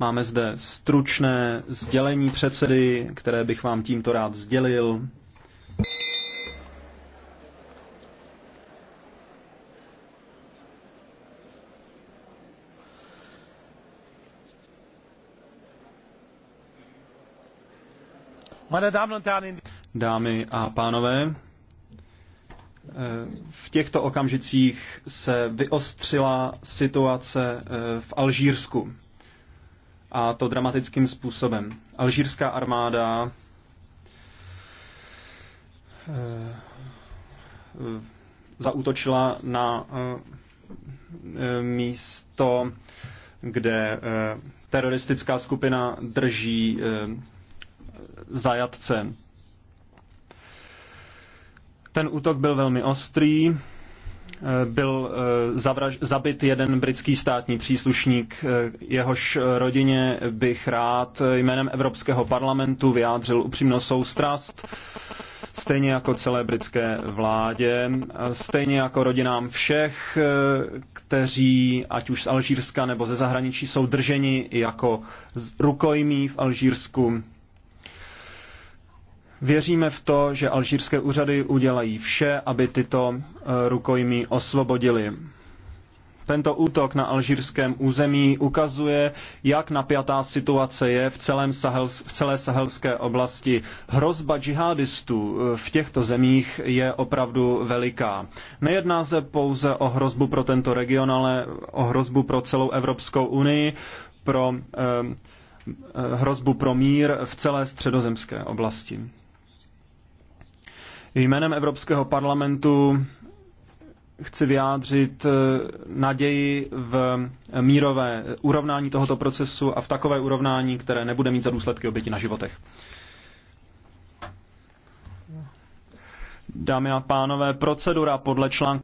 Máme zde stručné sdělení předsedy, které bych vám tímto rád sdělil. Dámy a pánové, eh, v těchto okamžicích se vyostřila situace eh, v Alžírsku a to dramatickým způsobem. Alžírská armáda eh, zautočila na eh, eh, místo, kde teroristická skupina drží zajatce. Ten útok byl velmi ostrý, Eh, byl eh, zavraž, zabit jeden britský státní příslušník. Eh, jehož rodině bych rád jménem Evropského parlamentu vyjádřil upřímnou soustrast, stejně jako celé britské vládě, stejně jako rodinám všech, kteří, ať už z Alžírska nebo ze zahraničí, jsou drženi jako rukojmí v Alžírsku Věříme v to, že alžírské úřady udělají vše, aby tyto eh, rukojmí osvobodili. Tento útok na alžírském území ukazuje, jak napjatá situace je v, celém sahel, v celé sahelské oblasti. Hrozba džihadistů eh, v těchto zemích je opravdu veliká. Nejedná se pouze o hrozbu pro tento region, ale o hrozbu pro celou Evropskou unii, pro eh, eh hrozbu pro mír v celé středozemské oblasti. Jménem Evropského parlamentu chci vyjádřit eh, naději v mírové urovnání tohoto procesu a v takové urovnání, které nebude mít za důsledky oběti na životech. Dámy a pánové, procedura podle článku